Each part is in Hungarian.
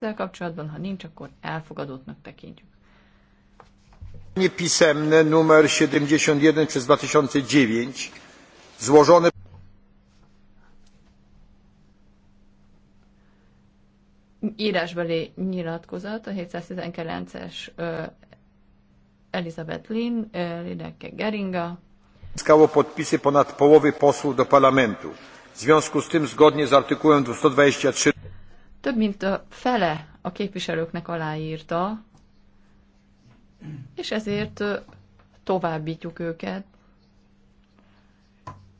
ezzel kapcsolatban, ha nincs, akkor elfogadottnak tekintjük. pisemne numer 71 przez 2009 złożone írásbeli nyilatkozat a 719-es Elizabeth Lin, Lideke Geringa. Zyskało podpisy ponad połowy posłów do parlamentu. W związku z tym zgodnie z artykułem 223 több mint a fele a képviselőknek aláírta, és ezért továbbítjuk őket.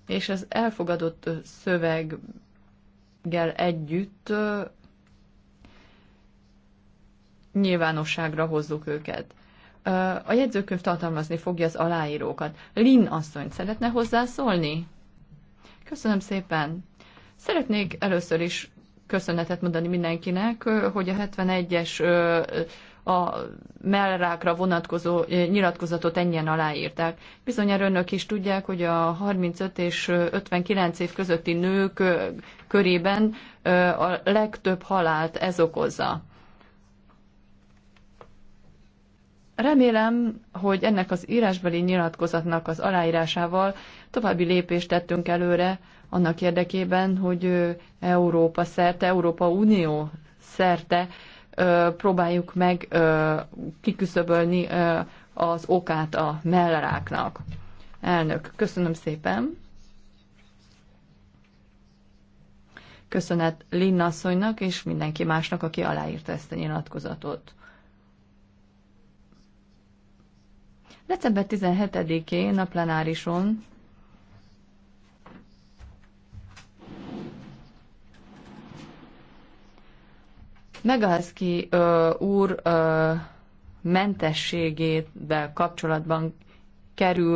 És az elfogadott szöveggel együtt nyilvánosságra hozzuk őket. A jegyzőkönyv tartalmazni fogja az aláírókat. Lin asszony szeretne hozzászólni? Köszönöm szépen. Szeretnék először is köszönetet mondani mindenkinek, hogy a 71-es a mellrákra vonatkozó nyilatkozatot ennyien aláírták. Bizonyára önök is tudják, hogy a 35 és 59 év közötti nők körében a legtöbb halált ez okozza. Remélem, hogy ennek az írásbeli nyilatkozatnak az aláírásával további lépést tettünk előre annak érdekében, hogy Európa szerte, Európa Unió szerte próbáljuk meg kiküszöbölni az okát a melleráknak. Elnök, köszönöm szépen. Köszönet Linnasszonynak és mindenki másnak, aki aláírta ezt a nyilatkozatot. December 17-én a plenárison Megalszki úr ö, mentességével kapcsolatban kerül